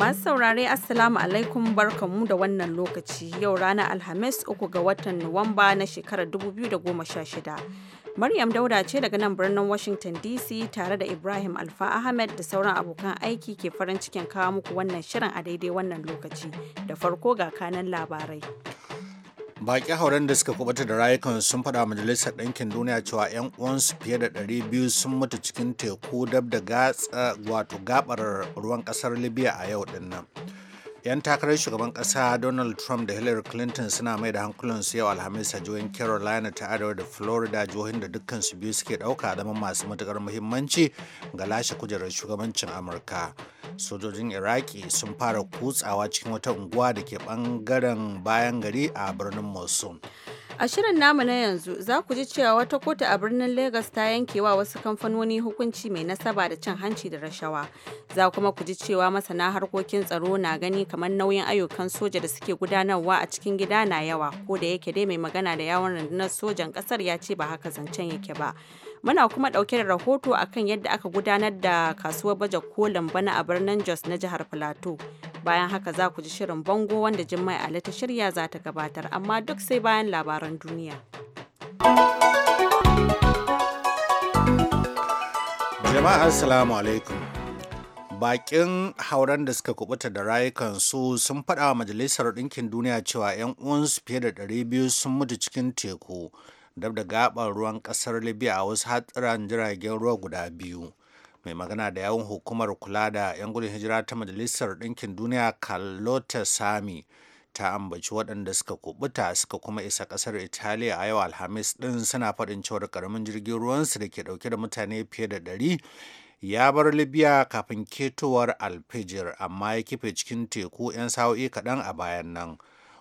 Masu saurare Assalamu alaikum mu da wannan lokaci yau ranar Alhamis uku ga watan Nuwamba na shekarar 2016. Maryam Dauda ce daga nan birnin Washington DC tare da Ibrahim Alfa Ahmed da sauran abokan aiki ke farin cikin kawo muku wannan shirin a daidai wannan lokaci. Da farko ga kanan labarai. Baƙi hauren da suka kubuta da rayukan sun fada majalisar ɗinkin duniya cewa 'yan uwansu fiye da 200 sun mutu cikin teku dab da gatsa wato gabar ruwan ƙasar Libya a yau dinnan. 'yan takarar shugaban kasa donald trump da hillary clinton suna mai da hankulansu yau alhamis a jihohin carolina ta arewa da florida jihohin da dukkansu biyu suke dauka zama masu matukar muhimmanci ga lashe kujerar shugabancin amurka sojojin iraki sun fara kutsawa cikin wata unguwa da ke bangaren bayan gari a birnin mosul A shirin namu na yanzu za ku ji cewa wata kotu a birnin Legas ta yanke wa wasu kamfanoni hukunci mai nasaba da cin hanci da rashawa. Za kuma ku ji cewa masana harkokin tsaro na gani kamar nauyin ayyukan soja da suke gudanarwa a cikin gida na yawa ko da yake dai mai magana da yawon rundunar sojan kasar ya ce ba haka zancen yake ba. Muna kuma ɗauke da rahoto akan yadda aka gudanar da kasuwar baje kolin bana a birnin Jos na jihar Plateau. Bayan haka za ku ji shirin bango wanda jimmai Ali ta shirya za ta gabatar amma duk sai bayan labaran duniya. Jama'a Assalamu alaikum. bakin hauren da suka kubuta da rayukansu sun faɗa wa majalisar ɗinkin duniya cewa 'yan uwansu fiye da 200 sun mutu cikin teku dab da gabar ruwan kasar libya a wasu hatsaran jiragen ruwa guda biyu mai magana da yawun hukumar kula da 'yan gudun hijira ta majalisar ɗinkin duniya carlota sami ta ambaci waɗanda suka kubuta suka kuma isa ƙasar italiya a yau alhamis ɗin suna faɗin cewar karamin jirgin ruwansu da ke ɗauke da mutane fiye da ɗari ya bar libya kafin ketowar alfijir amma ya kife cikin teku 'yan sa'o'i kaɗan a bayan nan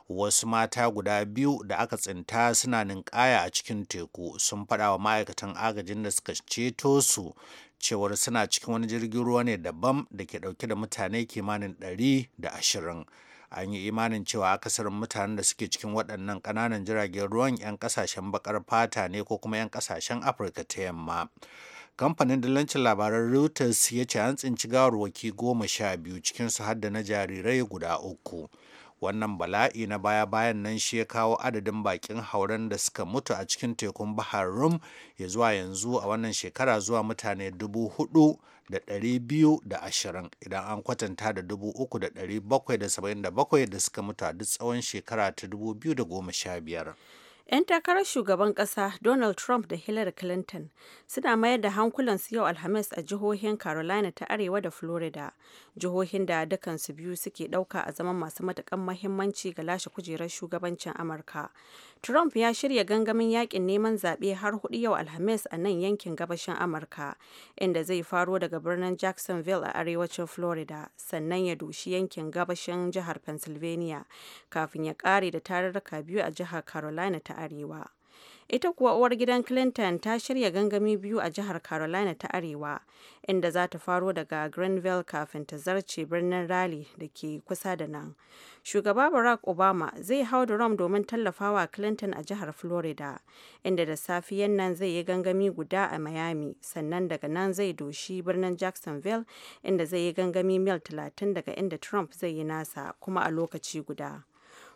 wasu mata guda biyu da aka tsinta suna ninkaya a cikin teku sun faɗa wa ma'aikatan agajin da suka ceto su cewar suna cikin wani jirgin ruwa ne daban da ke ɗauke da mutane kimanin ɗari da ashirin an yi imanin cewa akasarin mutanen da suke cikin waɗannan ƙananan jiragen ruwan 'yan ƙasashen baƙar fata ne ko kuma 'yan ƙasashen afirka ta yamma kamfanin dillancin labaran reuters ya ce an tsinci gawarwaki goma sha biyu cikinsu har da na jarirai guda uku wannan bala'i na baya-bayan nan shi ya kawo adadin bakin hauren da suka mutu a cikin tekun bahar rum ya zuwa yanzu a wannan shekara zuwa mutane dubu hudu da ɗari biyu da ashirin idan an kwatanta da dubu uku da ɗari bakwai da saba'in da bakwai da suka mutu a duk tsawon shekara ta dubu biyu da goma sha biyar. 'Yan takarar shugaban ƙasa Donald Trump da Hillary Clinton suna mayar da hankulansu yau Alhamis a jihohin Carolina ta Arewa da Florida jihohin da dukansu biyu suke ɗauka a zaman masu matakan mahimmanci ga lashe kujerar shugabancin amurka trump ya shirya gangamin yakin neman zaɓe har hudu yau alhamis a nan yankin gabashin amurka inda zai faro daga birnin jacksonville a arewacin florida sannan ya dushi yankin gabashin jihar pennsylvania kafin ya kare da tarurruka biyu a jihar carolina ta arewa Ita kuwa uwar gidan Clinton ta shirya gangami biyu a jihar Carolina ta Arewa, inda za ta faro daga greenville kafin ta zarce birnin Raleigh da ke kusa da nan. Shugaba Barack Obama zai hau Durham domin tallafawa Clinton a jihar Florida, inda da safiyan nan zai yi gangami guda a Miami, sannan daga nan zai doshi birnin Jacksonville, inda zai yi gangami mil 30 daga inda Trump zai yi nasa kuma a lokaci guda.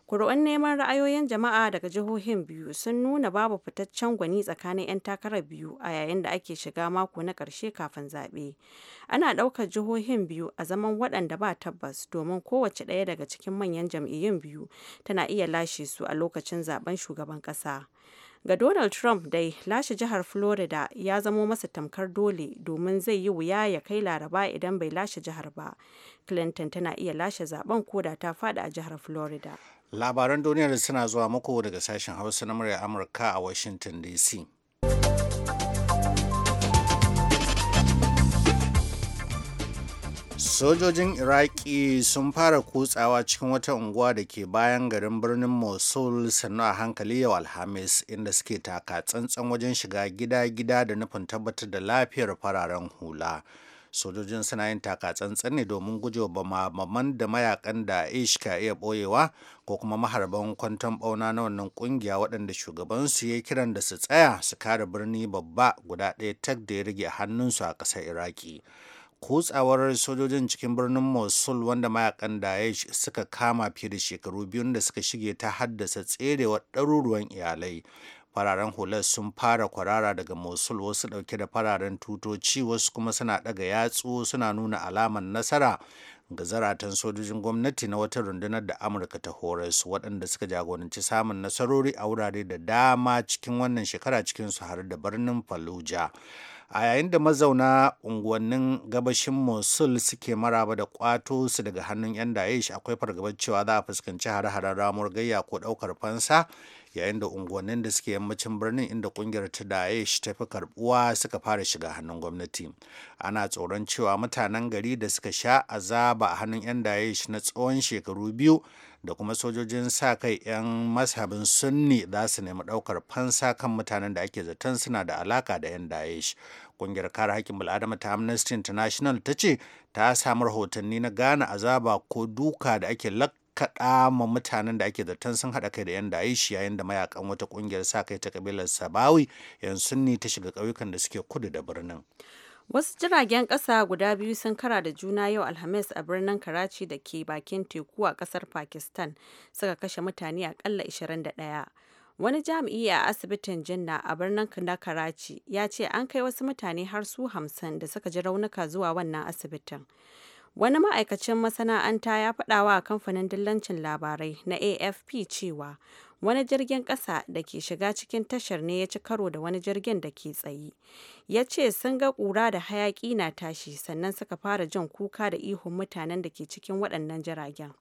Kuri'un neman ra'ayoyin jama'a daga jihohin biyu sun nuna babu fitaccen gwani tsakanin 'yan takarar biyu a yayin da ake shiga mako na ƙarshe kafin zaɓe. Ana ɗaukar jihohin biyu a zaman waɗanda ba tabbas domin kowace ɗaya daga cikin manyan jam'iyyun biyu tana iya lashe su a lokacin zaben shugaban ƙasa. Ga Donald Trump dai, lashe jihar Florida ya zamo masa tamkar dole domin zai yi wuya ya kai Laraba idan bai lashe jihar ba. Clinton tana iya lashe zaben koda ta faɗi a jihar Florida. Labaran duniyar suna zuwa muku daga sashen Hausa na murya Amurka a Washington DC. Sojojin Iraki sun fara kutsawa cikin wata unguwa da ke bayan garin birnin Mosul sannu a hankali yau Alhamis inda suke taka tsantsan wajen shiga gida-gida da nufin tabbatar da lafiyar fararen hula. sojojin suna yin taka takatsantsan ne domin gujewa ba mamman da mayakan da ish ka iya boyewa ko kuma maharban kwanton bauna na wannan kungiya waɗanda shugabansu ya kiran da su tsaya su kare birni babba guda ɗaya tak da ya rage hannunsu a ƙasar iraki kutsawar sojojin cikin birnin mosul wanda mayakan daesh suka kama fiye da shekaru biyun da suka shige ta haddasa tserewar ɗaruruwan iyalai fararen hular sun fara kwarara daga mosul wasu dauke da fararen tutoci wasu kuma suna daga yatsu suna nuna alamar nasara ga zaratan sojojin gwamnati na wata rundunar da amurka ta horas waɗanda suka jagoranci samun nasarori a wurare da dama cikin wannan shekara cikin su har da birnin fallujah a yayin da mazauna unguwannin gabashin mosul suke maraba da kwato su daga hannun 'yan daesh akwai fargabar cewa za a fuskanci hare-haren ramuwar gayya ko ɗaukar fansa yayin da unguwannin da suke yammacin birnin inda kungiyar ta daesh ta fi karbuwa suka fara shiga hannun gwamnati ana tsoron cewa mutanen gari da suka sha azaba a hannun 'yan daesh na tsawon shekaru biyu da kuma sojojin sa kai 'yan mashabin sunni za su nemi daukar fansa kan mutanen da ake zaton suna da alaka da 'yan daesh kungiyar kare hakkin bil'adama ta amnesty international ta ce ta samu rahotanni na gane azaba ko duka da ake lak kakkaɗa ma mutanen da ake zaton sun haɗa kai da 'yan daishi yayin da mayakan wata ƙungiyar sa kai ta kabilar Sabawi yan ne ta shiga ƙauyukan da suke kudu da birnin. Wasu jiragen ƙasa guda biyu sun kara da juna yau Alhamis a birnin Karachi da ke bakin teku a ƙasar Pakistan suka kashe mutane aƙalla 21. Wani jami'i a asibitin Jinna a birnin na Karachi ya ce an kai wasu mutane har su hamsin da suka ji raunuka zuwa wannan asibitin. Wani ma'aikacin masana'anta ya faɗawa wa kamfanin dillancin labarai na AFP cewa wani jirgin ƙasa da ke shiga cikin tashar ne ya ci karo da wani jirgin da ke tsaye. Ya ce sun ga ƙura da hayaƙi na tashi sannan suka fara jin kuka da ihun mutanen da ke cikin waɗannan jiragen.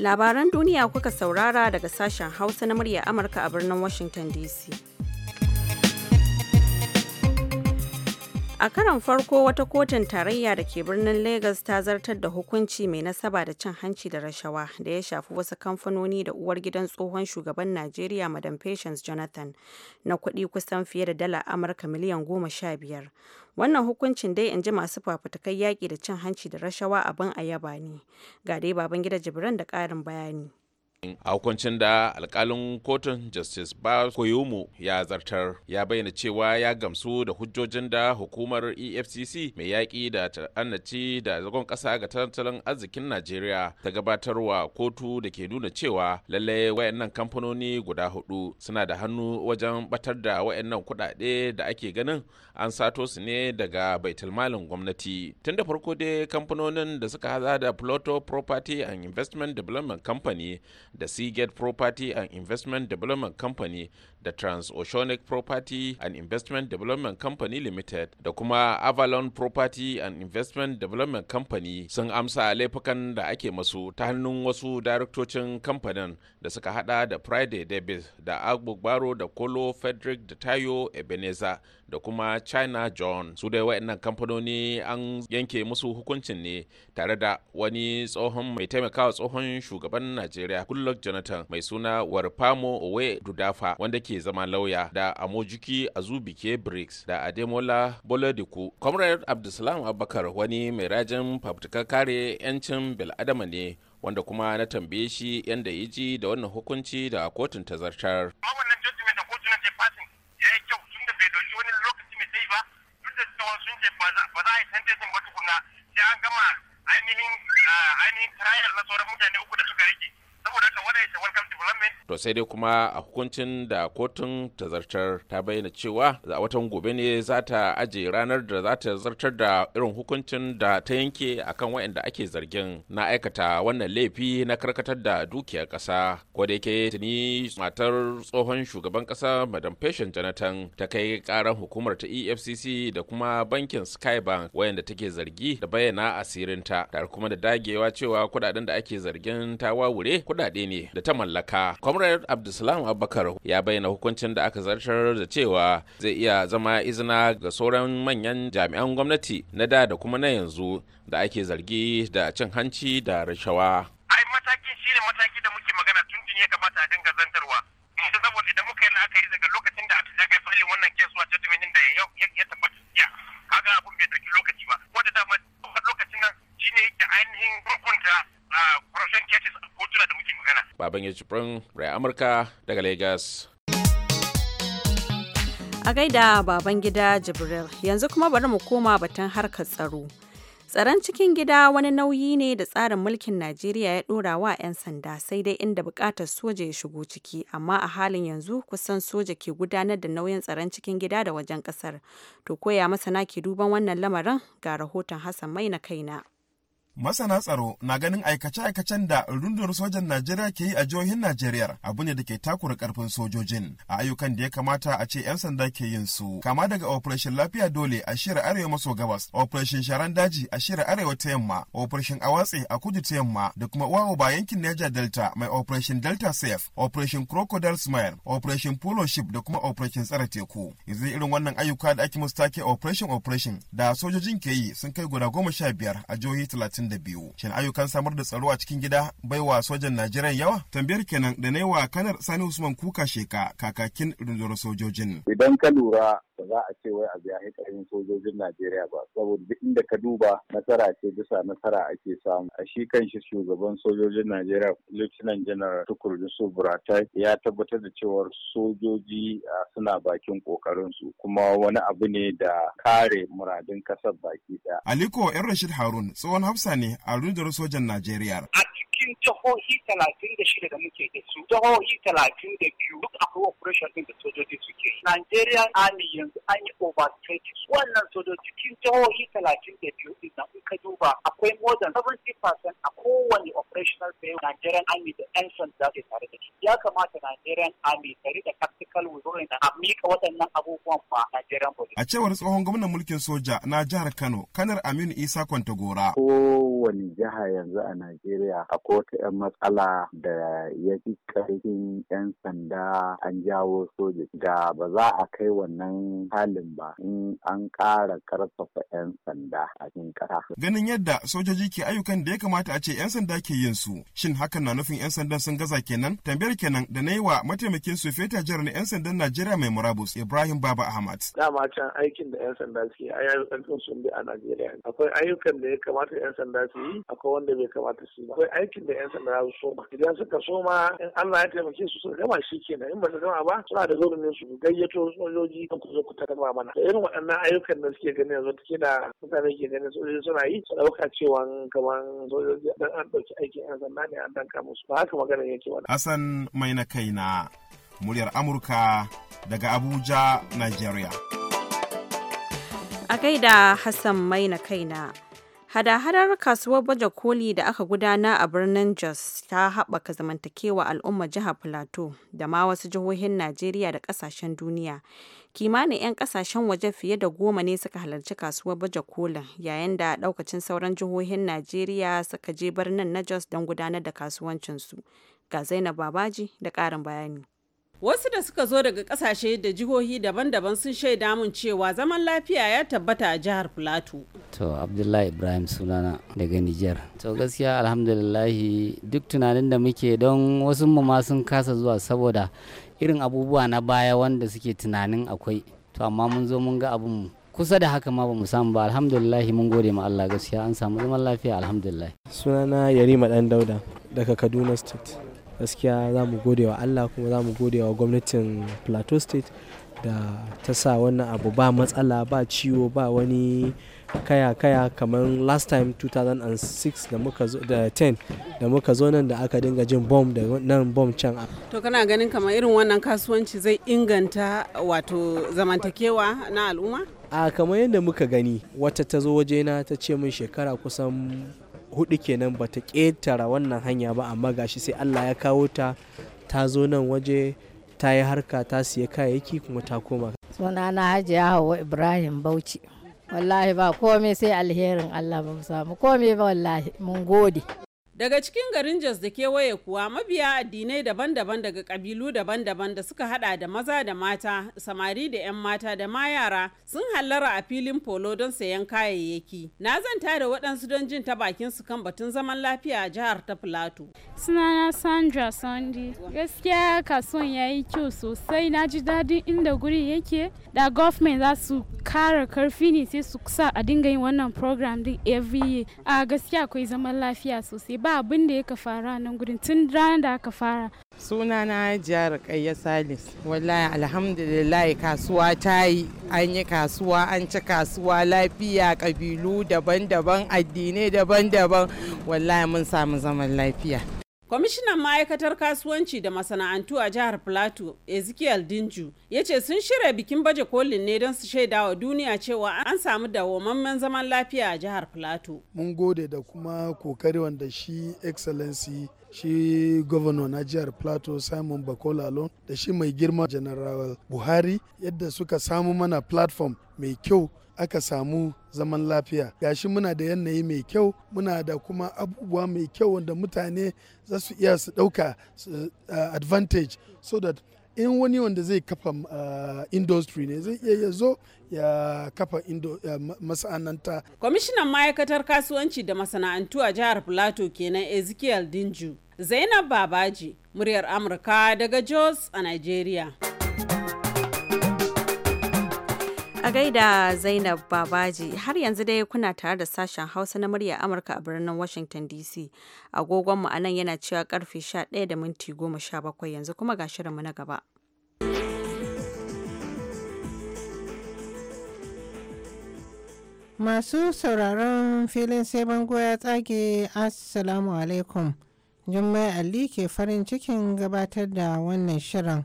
Labaran duniya kuka saurara daga sashen Hausa na murya Amurka a birnin Washington DC. A karon farko wata kotun tarayya da ke birnin Legas ta zartar da hukunci mai nasaba da cin hanci da rashawa da ya shafi wasu kamfanoni da uwar gidan tsohon shugaban Najeriya Madam Patience Jonathan na kuɗi kusan fiye da dala Amurka miliyan goma sha biyar. Wannan hukuncin dai in ji masu fafutukar yaƙi da cin hanci da rashawa abin a yaba ne. Ga dai baban gida Jibran da ƙarin bayani. a hukuncin da alkalin kotun justice ba koyomu ya zartar ya bayyana cewa ya gamsu da hujjojin da hukumar efcc mai yaƙi da ta'annaci da zagon ƙasa ga tattalin arzikin najeriya ta gabatarwa kotu da ke nuna cewa lallai wayannan kamfanoni guda hudu suna da hannu wajen batar da wayannan kuɗaɗe da ake ganin an sato su ne daga baitulmalin gwamnati tun da farko dai kamfanonin da suka haza da Pluto Property and Investment Development Company da Seagate Property and Investment Development Company da Transoceanic Property and Investment Development Company Limited da kuma Avalon Property and Investment Development Company sun amsa laifukan da ake masu ta hannun wasu daraktocin kamfanin da suka hada da Friday Davis da Agbogbaro da Kolo Frederick da Tayo Ebenezer da kuma china john su dai waɗannan kamfanoni an yanke musu hukuncin ne tare da wani tsohon mai taimakawa tsohon shugaban najeriya goodluck jonathan mai suna warfamo owe dudafa wanda ke zama lauya da amojiki azubike briggs da ademola bolodiku comrade abdulsalam abubakar wani mai rajin fafutukar kare 'yancin bil'adama ne wanda kuma na tambaye shi yadda ya ji da wannan hukunci da kotun ta zartar. kawai sun ce ba za a yi tantacin ba tukuna sai an gama ainihin ah, ainihin trial na sauran mutane uku da suka rike saboda haka wanda ya ce welcome To sai dai kuma a hukuncin da kotun ta zartar ta bayyana cewa a watan gobe ne za ta aje ranar da za ta zartar da irin hukuncin da ta yanke akan waɗanda ake zargin na aikata wannan laifi na karkatar da dukiyar ƙasa. Ko da yake tuni matar tsohon shugaban ƙasa Madam Fashion Jonathan ta kai ƙarar hukumar ta EFCC da kuma bankin Skybank waɗanda take zargi da bayyana asirinta tare kuma da dagewa cewa kuɗaɗen da ake zargin ta wawure kuɗaɗe ne da ta mallaka. iyaka comrade abdulsalam abubakar ya bayyana hukuncin da aka zartar da cewa zai iya zama izina ga sauran manyan jami'an gwamnati na da da kuma na yanzu da ake zargi da cin hanci da rashawa ai matakin ne mataki da muke magana tun ya kamata a dinga zantarwa saboda idan muka yi la'akari daga lokacin da aka kai falin wannan kesuwa ta da ya tabbata kaga abun bai dauki rai amurka daga lagos a gaida baban gida jibril yanzu kuma bari mu koma batun harkar tsaro tsaron cikin gida wani nauyi ne da tsarin mulkin najeriya ya dora wa 'yan sanda sai dai inda bukatar soja ya shigo ciki amma a halin yanzu kusan soja ke gudanar da nauyin tsaron cikin gida da wajen kasar to koya masana ke duban wannan lamarin ga rahoton hassan mai na kaina Masana tsaro na ganin aikace-aikacen da rundunar sojan Najeriya ke yi a jihohin Najeriya abu ne da ke takura karfin sojojin a ayyukan da ya kamata a ce 'yan sanda ke yin su. Kama daga Operation Lafiya Dole a shira Arewa maso gabas, Operation Sharan Daji a shira Arewa ta yamma, Operation Awatse a kudu ta yamma da kuma Wawo ba yankin Niger Delta mai Operation Delta Safe, Operation Crocodile Smile, Operation Polo Ship da kuma Operation Tsara Teku. Yanzu irin wannan ayyuka da ake musu take Operation Operation da sojojin ke yi sun kai guda goma sha biyar a jihohi talatin biyu. Shin ayyukan samar da tsaro a cikin gida bai wa sojan Najeriya yawa? Tambayar kenan da na yi wa kanar Sani Usman Kuka Sheka kakakin rundunar sojojin. Idan ka lura ba za a ce wai a biya ƙarfin sojojin Najeriya ba saboda duk inda ka duba nasara ce bisa nasara ake samu a shi kan shi shugaban sojojin Najeriya Lieutenant General Tukur Yusuf Buratai ya tabbatar da cewa sojoji suna bakin kokarin su kuma wani abu ne da kare muradin kasar baki daya. Aliko Yan Rashid Harun tsohon hafsa ne a rundunar sojan Najeriya. cikin jihohi talatin da shida da muke da su jihohi talatin da biyu duk akwai operation din da sojoji suke yi Nigerian Army yanzu an yi over twenty wannan sojoji cikin jihohi talatin da biyu din nan muka duba akwai more than seventy percent a kowane operational bayo Nigerian Army da yan sanda ke tare da shi ya kamata Nigerian Army ta rika tactical withdrawal na a miƙa waɗannan abubuwan ba Nigerian Police. A cewar tsohon gwamnan mulkin soja na jihar Kano, Kanar Aminu Isa Kwantagora. Kowane jiha yanzu a Najeriya akwai Ko ta 'yan matsala da ya fi ƙarfin 'yan sanda an jawo soja da ba za a kai wannan halin ba in an ƙara ƙarfafa 'yan sanda a cikin ƙasa. Ganin yadda sojoji ke ayyukan da ya kamata a ce 'yan sanda ke yin su, shin hakan na nufin 'yan sandan sun gaza kenan? Tambayar kenan da na yi wa mataimakin su feta jihar na 'yan sandan Najeriya mai murabus Ibrahim Baba Ahmad. Dama can aikin da 'yan sanda suke a ayyukan sun bi a Najeriya. Akwai ayyukan da ya kamata 'yan sanda su yi, akwai wanda bai kamata su yi. Akwai aikin da 'yan sanda su soma idan suka soma in Allah ya taimake su suka gama shi kenan in ba gama ba suna da zaurin su gayyato sojoji kan ku zo ku tarama mana da irin waɗannan ayyukan da suke ganin yanzu take da mutane ke ganin sojoji suna yi su ɗauka cewa kamar sojoji dan an ɗauki aikin 'yan sanda ne an danka musu ba haka maganar yake wani. Hassan maina kaina muryar Amurka daga Abuja, Nigeria. A gaida Hassan mai na kaina. Hada-hadar kasuwar baje koli da aka gudana a birnin Jos ta haɓaka zamantakewa al'ummar jihar plateau da ma wasu jihohin Najeriya da ƙasashen duniya. Kimanin 'yan ƙasashen waje fiye da goma ne suka halarci kasuwar baje kolin, yayin da ɗaukacin sauran jihohin Najeriya suka je birnin na Jos don gudanar da kasuwancinsu. Ga Zainab Babaji da ƙarin bayani. Wasu da suka zo daga kasashe da jihohi daban-daban sun shaida mun cewa zaman lafiya ya tabbata a jihar plateau To Abdullahi Ibrahim sunana daga Nijar. To gaskiya alhamdulillahi duk tunanin da muke don wasu mu ma sun kasa zuwa saboda irin abubuwa na baya wanda suke tunanin akwai. To amma mun zo mun ga abin kusa da haka ma ba mu samu ba alhamdulillahi mun gode ma Allah gaskiya an samu zaman lafiya alhamdulillahi sunana yarima dan dauda daga kaduna state gaskiya za mu gode wa allah kuma za mu gode wa gwamnatin plateau state da ta sa wannan abu ba matsala ba ciwo ba wani kaya-kaya kamar last time 2006 da muka zo da 10 da muka zo nan da aka dinga jin bom da nan bom can to kana ganin kamar irin wannan kasuwanci zai inganta wato zamantakewa na al'umma a kamar yadda muka gani wata ta zo wajena ta ce min shekara kusan hudu kenan bata ƙetara wannan hanya ba amma gashi sai allah ya kawo ta ta zo nan waje ta yi harka ta siya kayayyaki kuma ta koma suna na sunana ya hawa ibrahim bauchi wallahi ba komai sai alherin allah ba mu samu komai ba wallahi mun gode Daga cikin garin Jos da kewaye kuwa mabiya addinai daban-daban daga kabilu daban-daban da suka hada da maza da mata, samari da 'yan mata da ma yara sun hallara a filin polo don sayan kayayyaki. Na zanta da waɗansu don jin ta bakin su kan batun zaman lafiya a jihar ta plato Sunana Sandra sandy Gaskiya kasuwan ya yi kyau sosai na ji daɗin inda guri yake da government za su kara karfi ne sai su sa a dinga yin wannan program din every year. A gaskiya akwai zaman lafiya sosai ba abin da ya fara nan gudun tun ranar da aka fara suna na jihar kayya salis wallahi alhamdulillah kasuwa ta yi an yi kasuwa an ci kasuwa lafiya kabilu daban-daban addinai daban-daban wallahi mun samu zaman lafiya kwamishinan ma'aikatar kasuwanci da masana'antu a jihar plateau ezekiel dinju ya ce sun shirya bikin baje kolin ne don su shaida wa duniya cewa an samu dawwammamen zaman lafiya a jihar plateau mun gode da kuma kokari wanda shi excellency shi gwamna na jihar plateau simon bakola da shi mai girma general buhari yadda suka samu mana platform mai kyau aka samu zaman lafiya gashi muna da yanayi mai kyau muna da kuma abubuwa mai kyau wanda mutane za su iya su dauka eh, advantage so that in wani wanda zai kafa uh, industry ne zai iya zo ya kafa masana'anta. kwamishinan ma'aikatar kasuwanci da masana'antu a jihar plateau kenan ezekiel dinju zainab babaji muryar amurka daga jos a nigeria. gaida Zainab Babaji har yanzu dai kuna tare da sashen Hausa na murya Amurka a birnin Washington DC. Agogonmu a nan yana cewa karfe 11 da minti 17 yanzu kuma ga shirinmu na gaba. Masu sauraron filin sai bango ya tsage Assalamu alaikum. Jummai Ali ke farin cikin gabatar da wannan shirin.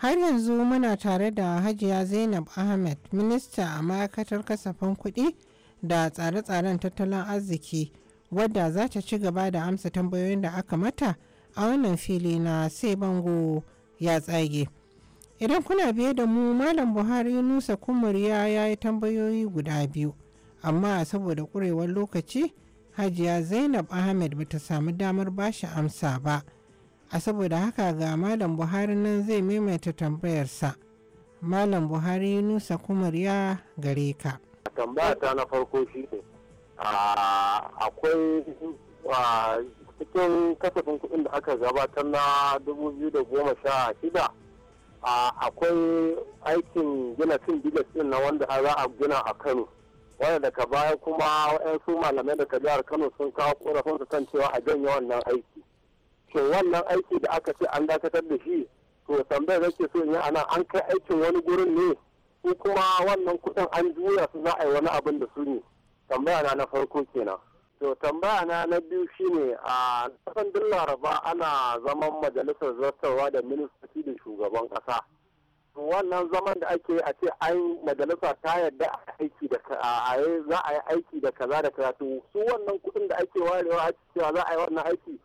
har yanzu muna tare da hajiya zainab ahmed minista a ma'aikatar kasafin kuɗi da tsare-tsaren tattalin arziki wadda za ta ci gaba da amsa tambayoyin da aka mata a wannan fili na sai bango ya tsage idan kuna biye da mu malam buhari nusa kumuriya ya yi tambayoyi guda biyu amma saboda ƙurewar lokaci hajiya zainab ahmed ta samu damar bashi amsa ba. a saboda haka ga malam buhari nan zai maimaita tambayarsa malam buhari nusa kumar ya gare ka tambaya ta na farko shi ne akwai cikin kasafin kuɗin da aka gabatar na 2016 akwai aikin gina cin bilas din na wanda za a gina a kano wanda daga baya kuma 'yan su malamai daga jihar kano sun kawo korafin su kan cewa a janye wannan aiki to wannan aiki da aka ce an dakatar da shi to tambayar ke so yi ana an kai aikin wani gurin ne ko kuma wannan kuɗin an juya su za a yi wani abin da su ne tambaya na na farko kenan to tambaya na na biyu shine a kasan din laraba ana zaman majalisar zartarwa da ministoci da shugaban kasa wannan zaman da ake a ce an majalisa ta yarda a aiki da za a yi aiki da kaza da kaza to su wannan kuɗin da ake warewa a cewa za a yi wannan aiki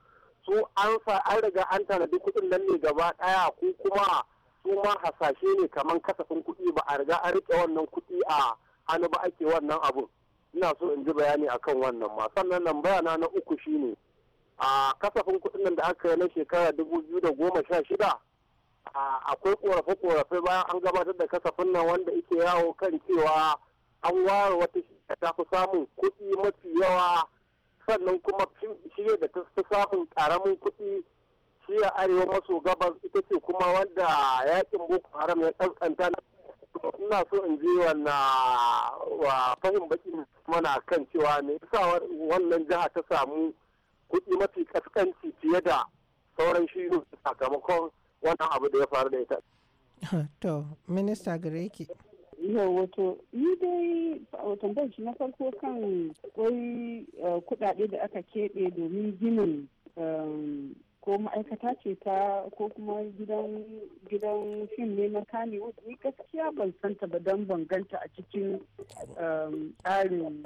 su an riga an tanadi kuɗin nan ne gaba ɗaya ko kuma su ma hasashe ne kamar kasafin kuɗi ba a riga an rike wannan kuɗi a hannu ba ake wannan abun ina so in ji bayani akan wannan ma sannan nan bayana na uku shine a kasafin kuɗin nan da aka yi na shekara dubu biyu da goma sha shida akwai korafe-korafe bayan an gabatar da kasafin nan wanda ike yawo kan cewa an ware wata ta fi samun kuɗi mafi yawa sannan kuma shiyar da ta samun karamin kuɗi a arewa maso gabas ita ce kuma wanda yakin boko haram ya kankanta ina so in je wa fahim baki mana kan cewa me yasa wannan jiha ta samu kuɗi mafi kaskanci fiye da sauran shi sakamakon wannan abu da ya faru da ita. To, minista Gareki. yau wato ni dai tambayar shi na farko kan kwai eh, kudade da aka keɓe domin ginin um, ko ma'aikata ce ta ko kuma gidan gidan fim ne na kanewood ni gaskiya ban santa ba don banganta a cikin um, tsarin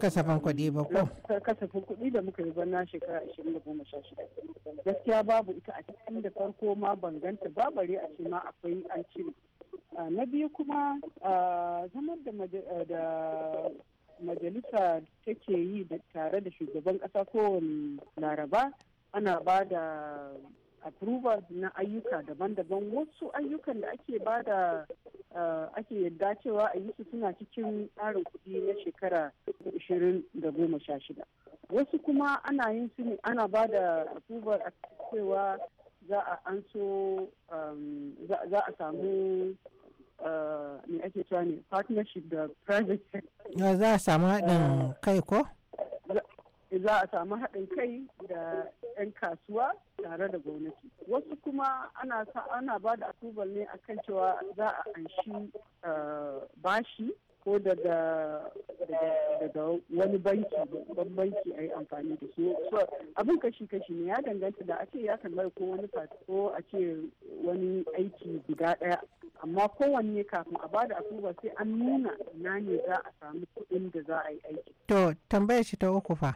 kasafin kuɗi ba ko kasafin kuɗi da muka yi bana shekara ashirin da goma sha shida gaskiya babu ita a cikin da farko ma banganta babare a ce ma akwai an cire Ah, na biyu kuma ah, zamar ah, da majalisa take yi tare da shugaban ƙasa kowane laraba ana ba da approval na ayyuka daban-daban wasu ayyukan da ake ba da ake yadda cewa a yi suna cikin tsarin kuɗi na shekara 2016 wasu kuma ana yin su ne ana ba da approval a cewa za a an um, za a samu Uh, me ake cewa ne partnership da private sector za a samu haɗin uh, kai ko za a samu haɗin kai da 'yan kasuwa tare da gwamnati wasu kuma ana ana ba da approval ne akan cewa za a anshi uh, bashi ko daga wani banki babban banki a yi amfani da su abin kashi-kashi ne ya danganta da a ce ya kan ko wani ko a ce wani aiki guda ɗaya amma kowanne kafin a bada asuba sai an nuna ina ne za a samu kuɗin da za a yi aiki to tambayar shi ta uku fa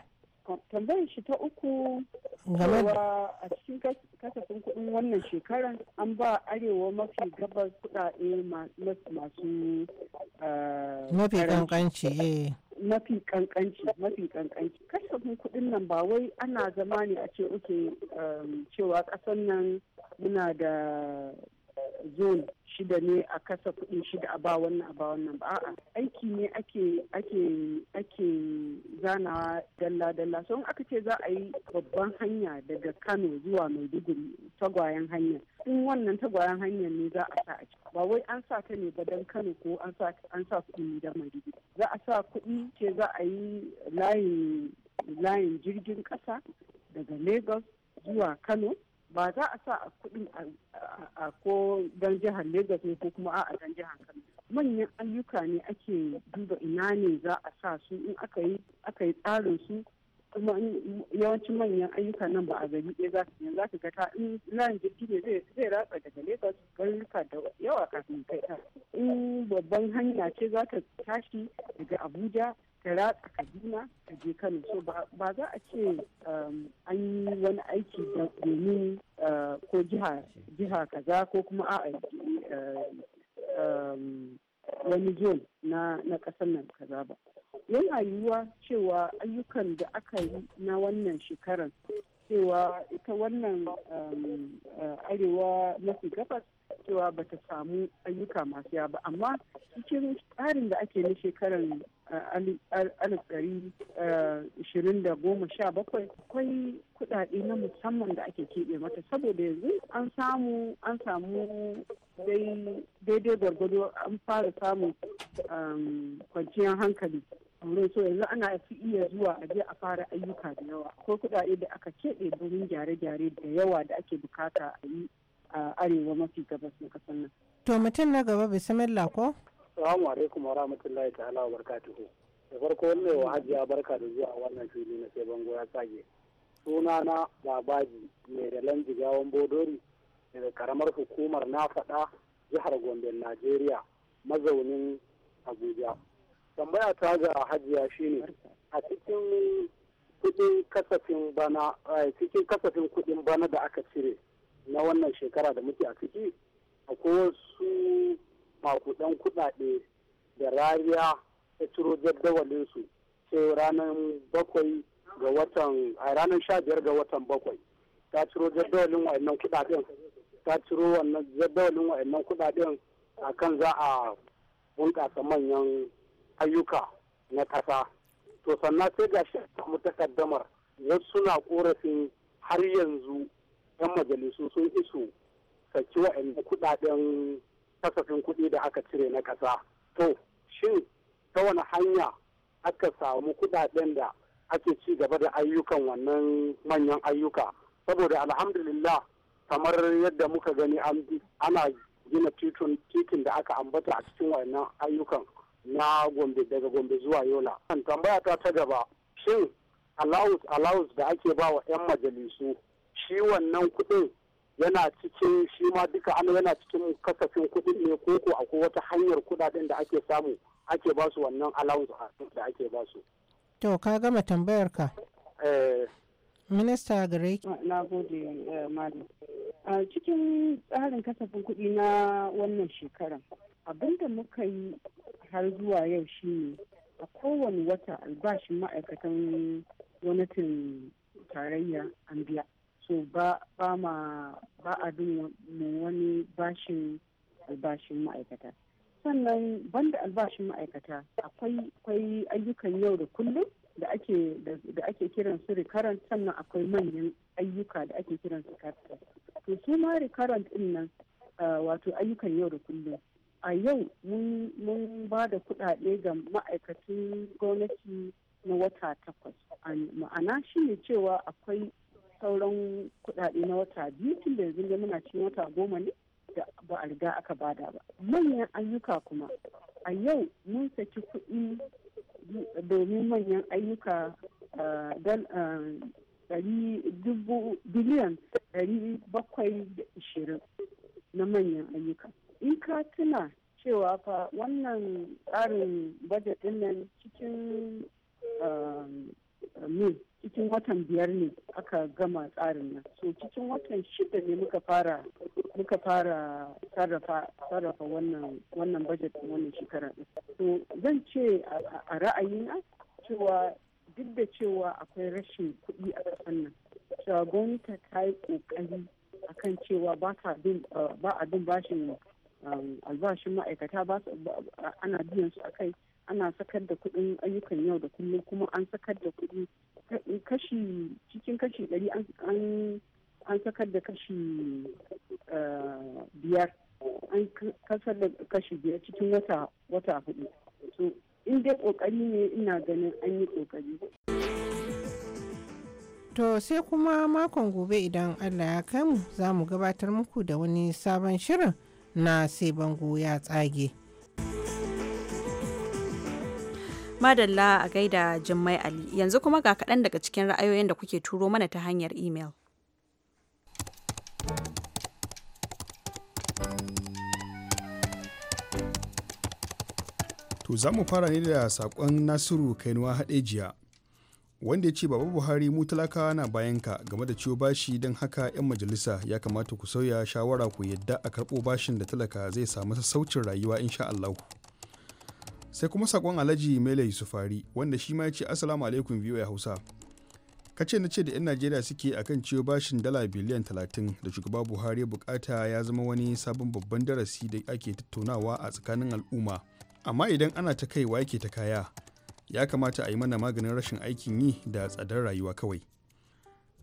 tambayar shi ta uku cewa a cikin kasafin kuɗin wannan shekaran an ba arewa mafi gabas kuɗaɗe masu ah, mafi kankanci eh. mafi kankanci mafi kankanci kasafin kuɗin nan ba wai ana zama ne a ce uke um, cewa ƙasar nan muna da zone shida ne a kasa kuɗi shida a ba wannan a ba wannan ba a'a aiki ne ake ake zanawa dalla dalla so aka ce za a yi babban hanya daga Kano zuwa Maiduguri tagwayen hanya in wannan tagwayen hanya ne za a sa a ciki ba wai an sa ta ne ba don Kano ko an sa an sa kuɗi ne dan Maiduguri za a sa kuɗi ce za a yi layin jirgin ƙasa daga Lagos zuwa Kano ba za a sa kuɗin a ko dan jihar Legas ne ko kuma a a dan jihar Kano manyan ayyuka ne ake duba ina ne za a sa su in aka yi tsarin su kuma yawancin manyan ayyuka nan ba a gari ɗaya za su za su gata in layin jirgi ne zai ratsa daga Legas garuruka da yawa kafin kai ta in babban hanya ce za ta tashi daga Abuja kira ratsa kaduna je kano so ba za a ce um, an yi wani aiki domin uh, ko jiha kaza ko kuma a uh, um, wani zon na kasar nan kaza ba yana yiwuwa cewa ayyukan da aka yi na wannan shekarar cewa ita wannan um, uh, arewa mafi gabas cewa ba ta samu ayyuka masu yawa ba amma cikin tsarin da ake na shekarar alif ɗari ishirin da goma sha bakwai akwai kuɗaɗe na musamman da ake keɓe mata saboda yanzu an samu an samu daidai gwargwado an fara samun um, kwanciyar hankali wurin so yanzu ana fi iya zuwa a je a fara ayyuka da yawa akwai kuɗaɗe da aka keɓe domin gyare-gyare da yawa da ake bukata a yi a arewa mafi gabas na ƙasar nan. to mutum na gaba bismillah ko. Assalamu alaikum wa rahmatullahi ta'ala wa barkatuhu. Da farko wannan wa hajiya barka da zuwa wannan fili na sai bango ya tsage. Suna na Babaji mai da gawon Bodori daga karamar hukumar na faɗa jihar Gombe Najeriya mazaunin Abuja. Tambaya ta ga hajiya shine a cikin kudin kasafin bana cikin kasafin kudin bana da aka cire na wannan shekara da muke a ciki akwai wasu makudan kudade da rariya ta ciro jaddawalin su sai ranar bakwai ga watan a ranar sha biyar ga watan bakwai ta ciro jaddawalin wa'annan kudaden ta ciro wannan jaddawalin wa'annan a akan za a bunƙasa manyan ayyuka na ƙasa to sannan sai ga shi samu takaddamar wasu suna korafin har yanzu 'yan majalisu sun isu saki wa'annan kudaden kasafin kuɗi da aka cire na ƙasa to shin ta wani hanya aka samu kuɗaɗen da ake ci gaba da ayyukan wannan manyan ayyuka saboda alhamdulillah kamar yadda muka gani ana gina titin da aka ambata a cikin wannan ayyukan na gombe daga gombe zuwa yola tambaya ta ta gaba shin allowance allowance da ake ba wa 'yan majalisu shi wannan kuɗin yana cikin shi ma duka ana yana cikin kasafin kuɗi ne ko ko akwai wata hanyar kuɗaɗen da ake samu ake ba su wannan allowance da ake ba su. To ka gama tambayar ka. Eh. Minista gare Na gode eh, A cikin tsarin kasafin kuɗi na wannan shekaran abinda muka yi har zuwa yau shi ne a kowane wata albashin ma'aikatan gwamnatin tarayya an biya. so ba ma ba a bin wani bashin albashin ma'aikata sannan banda albashin ma'aikata akwai ayyukan yau da kullum da ake kiran su recurrent sannan akwai manyan ayyuka da ake kiran su karta to su ma recurrent din nan wato ayyukan yau da kullum a yau mun ba da kudade ga ma'aikacin gwamnati na wata takwas ma'ana shi ne cewa akwai sauran kudade na wata biyu tun da yanzu muna cikin wata goma ne da ba a riga aka bada ba manyan ayyuka kuma a yau mun saki kuɗi domin manyan ayyuka eh, eh, biliyan ɗari bakwai da ishirin na manyan ayyuka in ka tuna cewa fa wannan tsarin bajet nan cikin eh, mil cikin watan biyar ne aka gama tsarin nan so cikin watan shida ne muka fara muka fara sarrafa sarrafa wannan wannan budget wannan shekara so zan ce a ra'ayina cewa duk da cewa akwai rashin kuɗi a kasan nan cewa gwamnati ta yi ƙoƙari akan cewa ba a bin bashin um, albashin ma'aikata ana biyan su a kai ana sakar da kuɗin ayyukan yau da kullum kuma an sakar da kuɗi cikin kashi ɗari an sakar da kashi eh, biyar an kasar da kashi biyar cikin wata wata hudu so in dai kokari ne ina ganin an yi kokari to sai kuma makon gobe idan allah ya kai mu za mu gabatar muku da wani sabon shirin na sai bango ya tsage Madalla a gaida Jummai Ali. Yanzu kuma ga kaɗan daga cikin ra'ayoyin da kuke turo mana ta hanyar imel. To za mu fara ne da saƙon Nasiru Kainuwa Haɗejiya. Wanda ya ce Baba Buhari mu talaka na bayan ka game da ciwo bashi don haka 'yan majalisa ya kamata ku sauya shawara ku yadda a karɓo bashin da talaka zai samu sassaucin rayuwa insha Allahu. sai kuma sakon alhaji mele fari, wanda shi ma ya ce 'asalamu alaikum biyu ya hausa ka ce na ce da 'yan najeriya suke akan ciwo bashin dala biliyan 30 da shugaba buhari ya bukata ya zama wani sabon babban darasi da ake tattaunawa a tsakanin al'umma amma idan ana ta kai wa yake ta kaya ya kamata a yi mana maganin rashin aikin yi da tsadar rayuwa kawai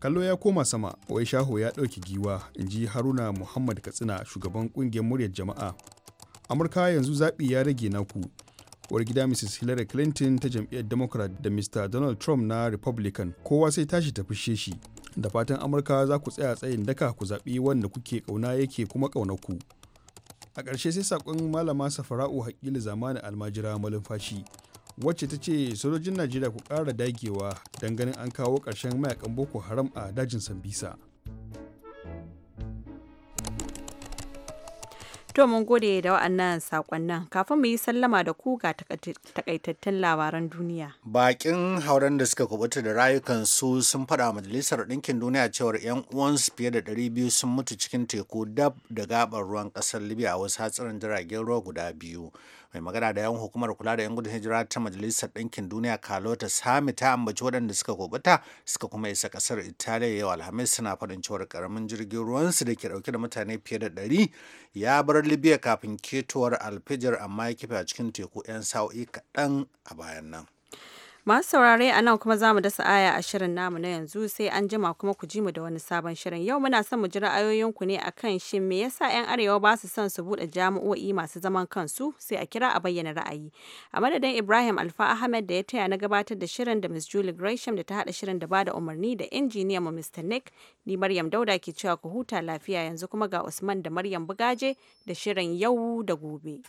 kallo ya koma sama wai shaho ya ɗauki giwa in ji haruna muhammad katsina shugaban ƙungiyar muryar jama'a amurka yanzu zaɓi ya rage naku uwar gida mrs hillary clinton ta jam'iyyar democrat da mr donald trump na republican kowa sai tashi ta fushe shi da fatan amurka za ku tsaya tsayin daka ku zaɓi wanda kuke ƙauna yake kuma ƙaunaku a ƙarshe sai saƙon malama safara'u haƙƙili zamanin almajira malumfashi wacce ta ce sojojin najeriya ku ƙara dagewa don ganin an kawo ƙarshen mayakan boko haram a dajin sambisa To mun gode da wa'annan sakonnin kafin mu yi sallama da ku ga takaitattun labaran duniya. Bakin hauren da suka kubuta da rayukansu sun faɗa majalisar ɗinkin duniya cewar 'yan uwansu fiye da 200 sun mutu cikin teku dab da gabar ruwan ƙasar Libya a wasu hatsarin jiragen ruwa guda biyu. mai magana da yawan hukumar kula da yan gudun hijira ta majalisar ɗinkin duniya ta sami ta ambaci waɗanda suka kubuta suka kuma isa ƙasar italiya yau alhamis suna faɗin cewar ƙaramin jirgin ruwansu da ke ɗauke da mutane fiye da ɗari ya bar libya kafin ketowar alfijar amma ya kife a cikin teku 'yan sa'o'i kaɗan a bayan nan. Masu saurare a nan kuma za mu dasa aya a shirin namu na yanzu sai an jima kuma ku ji mu da wani sabon shirin. Yau muna son mu ji ra'ayoyinku ne akan shin me yasa 'yan arewa ba su son su buɗe jami'o'i masu zaman kansu sai a kira a bayyana ra'ayi. A madadin Ibrahim Alfa Ahmed da ya taya na gabatar da shirin da Miss Julie Gresham da ta haɗa shirin da bada umarni da injiniyan mu Mr. Nick ni Maryam Dauda ke cewa ku huta lafiya yanzu kuma ga Usman da Maryam Bugaje da shirin yau da gobe.